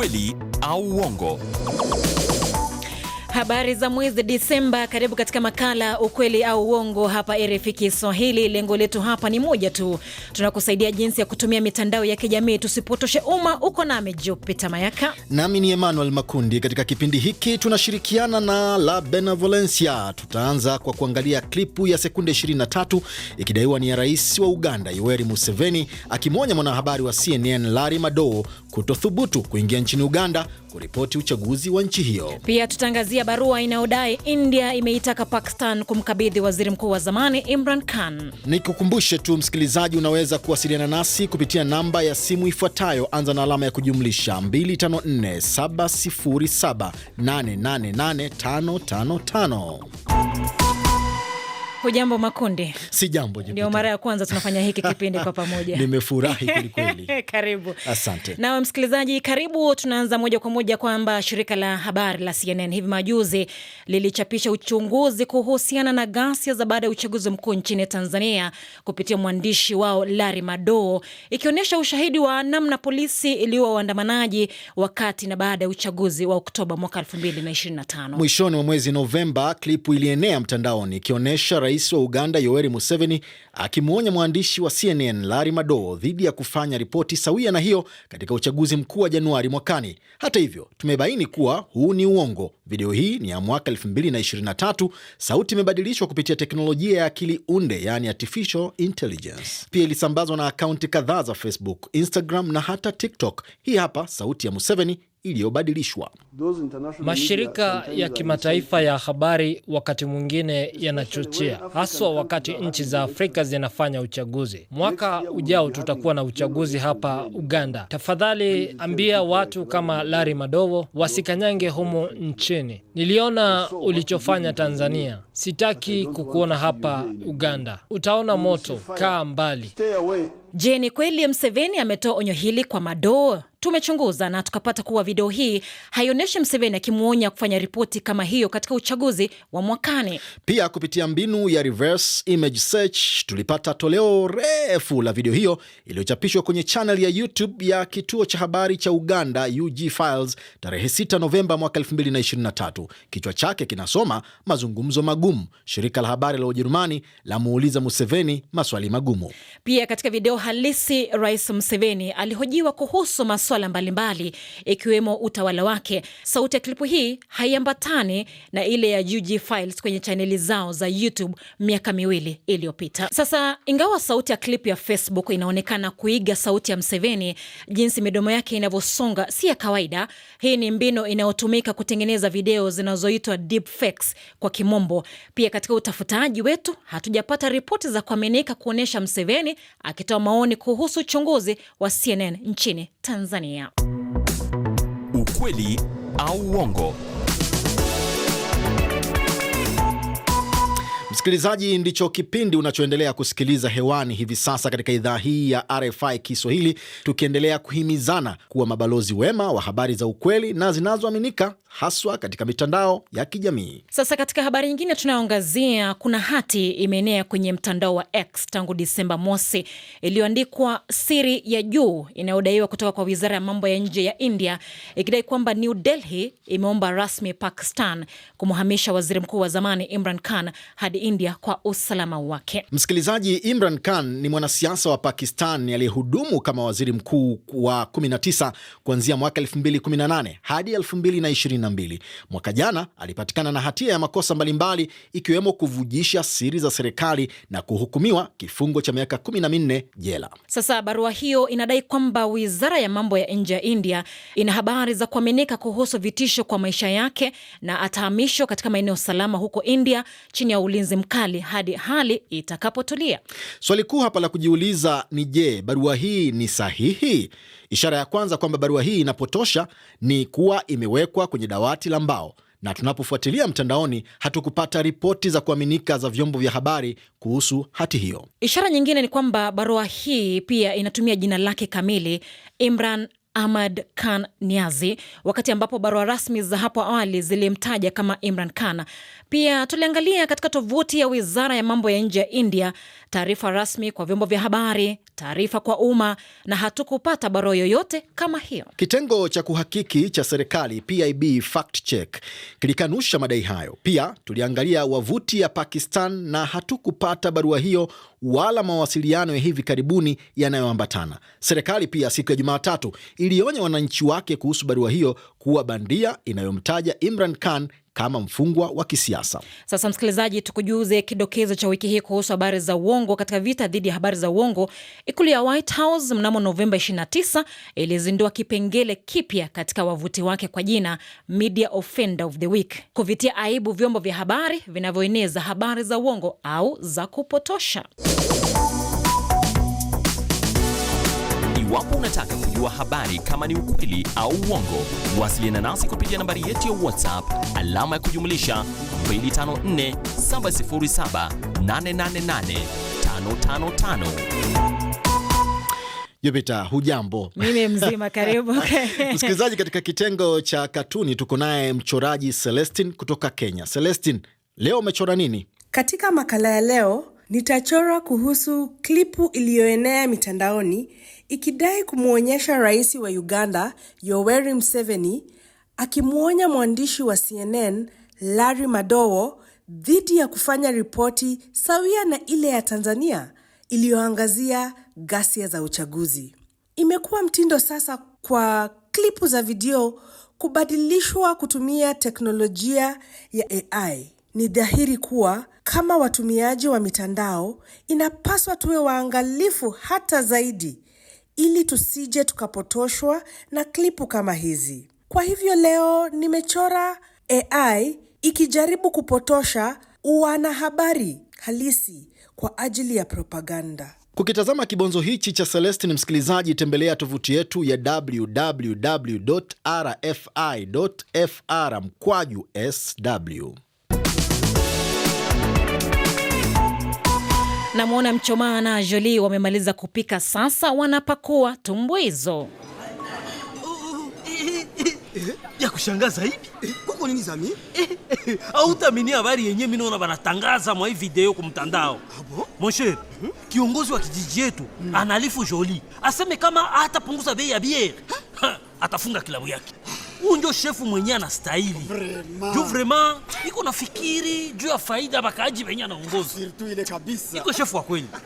ukweli au uongo. Habari za mwezi Disemba. Karibu katika makala ukweli au uongo hapa RFI Kiswahili. Lengo letu hapa ni moja tu, tunakusaidia jinsi ya kutumia mitandao ya kijamii tusipotoshe umma. Uko nami Jupiter Mayaka nami ni Emmanuel Makundi. Katika kipindi hiki tunashirikiana na La Benevolencia. Tutaanza kwa kuangalia klipu ya sekunde 23 ikidaiwa ni ya rais wa Uganda Yoweri Museveni akimwonya mwanahabari wa CNN Larry Madowo kutothubutu kuingia nchini Uganda kuripoti uchaguzi wa nchi hiyo. Pia tutangazia barua inayodai India imeitaka Pakistan kumkabidhi waziri mkuu wa zamani Imran Khan. Nikukumbushe tu msikilizaji, unaweza kuwasiliana nasi kupitia namba ya simu ifuatayo, anza na alama ya kujumlisha 254707888555. Hujambo Makundi? Si jambo, ndio mara ya kwanza tunafanya hiki kipindi kwa pamoja. Nimefurahi kwelikweli. Karibu. Asante. nawe msikilizaji, karibu. Tunaanza moja kwa moja kwamba shirika la habari la CNN hivi majuzi lilichapisha uchunguzi kuhusiana na ghasia za baada ya uchaguzi mkuu nchini Tanzania kupitia mwandishi wao Larry Madowo, ikionyesha ushahidi wa namna polisi iliua waandamanaji wakati na baada ya uchaguzi wa Oktoba mwaka 2025. Mwishoni mwa mwezi Novemba, klipu ilienea mtandaoni ikionyesha rais wa Uganda Yoweri Museveni akimwonya mwandishi wa CNN Larry Madowo dhidi ya kufanya ripoti sawia na hiyo katika uchaguzi mkuu wa Januari mwakani. Hata hivyo, tumebaini kuwa huu ni uongo. Video hii ni ya mwaka 2023. Sauti imebadilishwa kupitia teknolojia ya akili unde, yani artificial intelligence. Pia ilisambazwa na akaunti kadhaa za Facebook, Instagram na hata TikTok. Hii hapa sauti ya Museveni iliyobadilishwa. Mashirika ya kimataifa ya habari wakati mwingine yanachochea, haswa wakati nchi za Afrika zinafanya uchaguzi. Mwaka ujao tutakuwa na uchaguzi hapa Uganda. Tafadhali ambia watu kama Larry Madowo wasikanyange humu nchini. Niliona ulichofanya Tanzania, sitaki kukuona hapa Uganda. Utaona moto, kaa mbali. Je, ni kweli Mseveni ametoa onyo hili kwa Madowo? Tumechunguza na tukapata kuwa video hii haionyeshi Mseveni akimwonya kufanya ripoti kama hiyo katika uchaguzi wa mwakani. Pia kupitia mbinu ya reverse image search tulipata toleo refu la video hiyo iliyochapishwa kwenye channel ya YouTube ya kituo cha habari cha Uganda UG Files tarehe 6 Novemba mwaka 2023. Kichwa chake kinasoma mazungumzo magumu, shirika la habari la Ujerumani la muuliza Museveni maswali magumu. Pia katika video halisi Rais Museveni alihojiwa kuhusu maswali masuala mbalimbali ikiwemo utawala wake. Sauti ya klipu hii haiambatani na ile ya UG Files kwenye chaneli zao za YouTube miaka miwili iliyopita. Sasa, ingawa sauti ya klipu ya Facebook inaonekana kuiga sauti ya Mseveni, jinsi midomo yake inavyosonga si ya kawaida. Hii ni mbinu inayotumika kutengeneza video zinazoitwa fakes kwa kimombo. Pia katika utafutaji wetu hatujapata ripoti za kuaminika kuonyesha Mseveni akitoa maoni kuhusu uchunguzi wa CNN nchini Tanzania. Ukweli au uongo? Msikilizaji, ndicho kipindi unachoendelea kusikiliza hewani hivi sasa katika idhaa hii ya RFI Kiswahili, tukiendelea kuhimizana kuwa mabalozi wema wa habari za ukweli na zinazoaminika haswa katika mitandao ya kijamii. Sasa katika habari nyingine tunayoangazia, kuna hati imeenea kwenye mtandao wa X tangu Disemba mosi iliyoandikwa siri ya juu inayodaiwa kutoka kwa wizara ya mambo ya nje ya India ikidai kwamba New Delhi imeomba rasmi Pakistan kumhamisha waziri mkuu wa zamani Imran Khan hadi India kwa usalama wake. Msikilizaji, Imran Khan ni mwanasiasa wa Pakistan aliyehudumu kama waziri mkuu wa 19 kuanzia mwaka 2018 hadi 2022. Mwaka jana alipatikana na hatia ya makosa mbalimbali ikiwemo kuvujisha siri za serikali na kuhukumiwa kifungo cha miaka 14 jela. Sasa barua hiyo inadai kwamba wizara ya mambo ya nje ya India ina habari za kuaminika kuhusu vitisho kwa maisha yake na atahamishwa katika maeneo salama huko India chini ya ulinzi ulinzi mkali hadi hali itakapotulia. Swali kuu hapa la kujiuliza ni je, barua hii ni sahihi? Ishara ya kwanza kwamba barua hii inapotosha ni kuwa imewekwa kwenye dawati la mbao na tunapofuatilia mtandaoni hatukupata ripoti za kuaminika za vyombo vya habari kuhusu hati hiyo. Ishara nyingine ni kwamba barua hii pia inatumia jina lake kamili Imran Ahmad Khan Niazi, wakati ambapo barua rasmi za hapo awali zilimtaja kama Imran Khan. Pia tuliangalia katika tovuti ya wizara ya mambo ya nje ya India, taarifa rasmi kwa vyombo vya habari, taarifa kwa umma, na hatukupata barua yoyote kama hiyo. Kitengo cha kuhakiki cha serikali PIB Fact Check kilikanusha madai hayo. Pia tuliangalia wavuti ya Pakistan na hatukupata barua hiyo wala mawasiliano ya hivi karibuni yanayoambatana. Serikali pia siku ya Jumatatu ilionya wananchi wake kuhusu barua hiyo kuwa bandia inayomtaja Imran Khan kama mfungwa wa kisiasa. Sasa msikilizaji, tukujuze kidokezo cha wiki hii kuhusu habari za uongo. Katika vita dhidi ya habari za uongo, ikulu ya White House mnamo Novemba 29 ilizindua kipengele kipya katika wavuti wake kwa jina Media Offender of the Week, kuvitia aibu vyombo vya habari vinavyoeneza habari za uongo au za kupotosha. Iwapo unataka kujua habari kama ni ukweli au uongo, wasiliana nasi kupitia nambari yetu ya WhatsApp alama ya kujumlisha 254 707 Jupita, hujambo? Mimi mzima, karibu msikilizaji. Katika kitengo cha katuni tuko naye mchoraji Celestin kutoka Kenya. Celestin, leo umechora nini? Katika makala ya leo Nitachora kuhusu klipu iliyoenea mitandaoni ikidai kumwonyesha rais wa Uganda Yoweri mseveni akimwonya mwandishi wa CNN Larry Madowo dhidi ya kufanya ripoti sawia na ile ya Tanzania iliyoangazia ghasia za uchaguzi. Imekuwa mtindo sasa kwa klipu za video kubadilishwa kutumia teknolojia ya AI. Ni dhahiri kuwa kama watumiaji wa mitandao, inapaswa tuwe waangalifu hata zaidi ili tusije tukapotoshwa na klipu kama hizi. Kwa hivyo leo nimechora AI ikijaribu kupotosha wanahabari halisi kwa ajili ya propaganda. Kukitazama kibonzo hichi cha celestin msikilizaji, tembelea tovuti yetu ya fr mkwaju sw. Namwona Mchomaa na Joli wamemaliza kupika, sasa wanapakua tumbwizo ya kushangaza hivi kuko nini zami? Hautamini habari yenye mimi naona wanatangaza mwa hii video kumtandao. Monshe, hmm? kiongozi wa kijiji yetu hmm. analifu joli aseme kama hatapunguza bei ya biere atafunga kilabu yake huyu ndio shefu mwenyewe anastahili juu vraiment iko nafikiri juu ya faida bakaji wenye anaongoza iko shefu wa kweli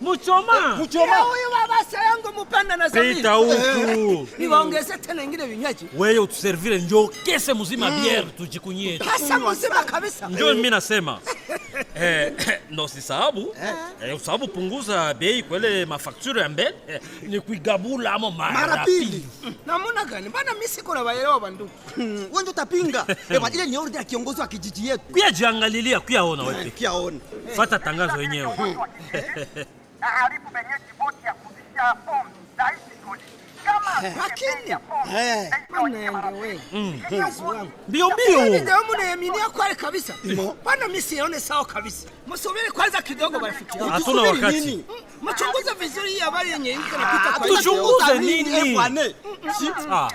Muchoma. Eh, Muchoma. Eh, huyu baba sayangu mupanda na zamini. Pita huku. Niwaongeze tena ingine vinywaji. Wewe utuservire njoo kese mzima mm. biere tujikunyie. hasa mzima kabisa. Njoo mimi nasema. Eh, na usisahabu eh. Eh, usahabu punguza bei kwele mafakturi ya mbele eh, ni kuigabula amo mara pili. Mm. Namuna gani bana, mimi siko na waelewa banduku hmm, wewe ndio tapinga eh, ile ni order ya kiongozi wa kijiji yetu, kuya jiangalilia kuya ona eh, wewe kuya ona fata tangazo yenyewe na hmm. eh, haribu benye kiboti ya kuzisha fomu zaidi kolisi Eh, lakini banangewe mbio mbio ndio mnaaminia mm. mm. kweli kabisa bwana mimi sione sawa kabisa msubiri kwanza kidogo barafikiri hatuna wakati mchunguze vizuri hii habari yenye hii inapita kwa hiyo. Tuchunguze nini?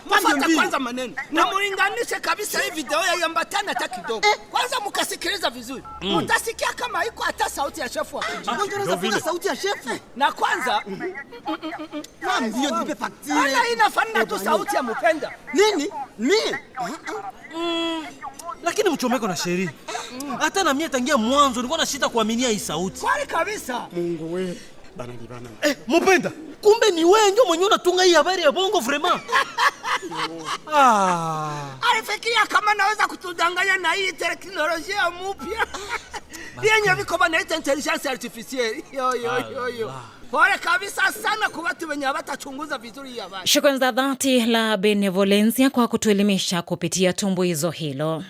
Mfata eh, kwanza maneno na mlinganishe kabisa hii video ya yambatana hata kidogo. Eh. Kwanza mkasikiliza vizuri, mm. mtasikia kama iko hata sauti ya shefu hapo. Unaweza kusikia sauti ya shefu? Eh, na kwanza mm. ah, ndio nipe faktire. Hata inafanana tu sauti ya mpenda. Nini? Mimi? Mm. Lakini mchomeko na sheria. Hata na mimi tangia mwanzo nilikuwa na shida kuaminia hii sauti. Kwani kabisa. Mungu wewe. Bana ni bana. Eh, Mupenda. Kumbe ni wewe ndio mwenye unatunga hii habari ya bongo vraiment. Ah. Alifikiria kama naweza kutudanganya na hii teknolojia mpya. Yenye viko bana banaita intelligence artificielle. Yo yo yo yo. Pole kabisa sana kwa watu wenye hawatachunguza vizuri hii habari. Shukrani za dhati la Benevolencia kwa kutuelimisha kupitia tumbo hizo hilo.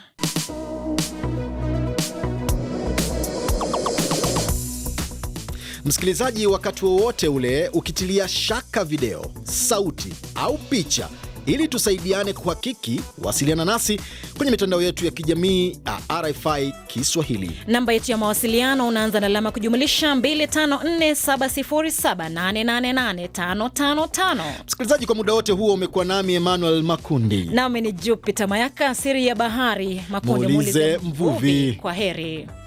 Msikilizaji, wakati wowote ule ukitilia shaka video, sauti au picha ili tusaidiane kuhakiki, wasiliana nasi kwenye mitandao yetu ya kijamii ya RFI Kiswahili. Namba yetu ya mawasiliano unaanza na alama kujumulisha 254707888555. Msikilizaji, kwa muda wote huo umekuwa nami Emmanuel Makundi, nami ni Jupita Mayaka. Siri ya bahari Makundi, muulize mvuvi. Kwa heri.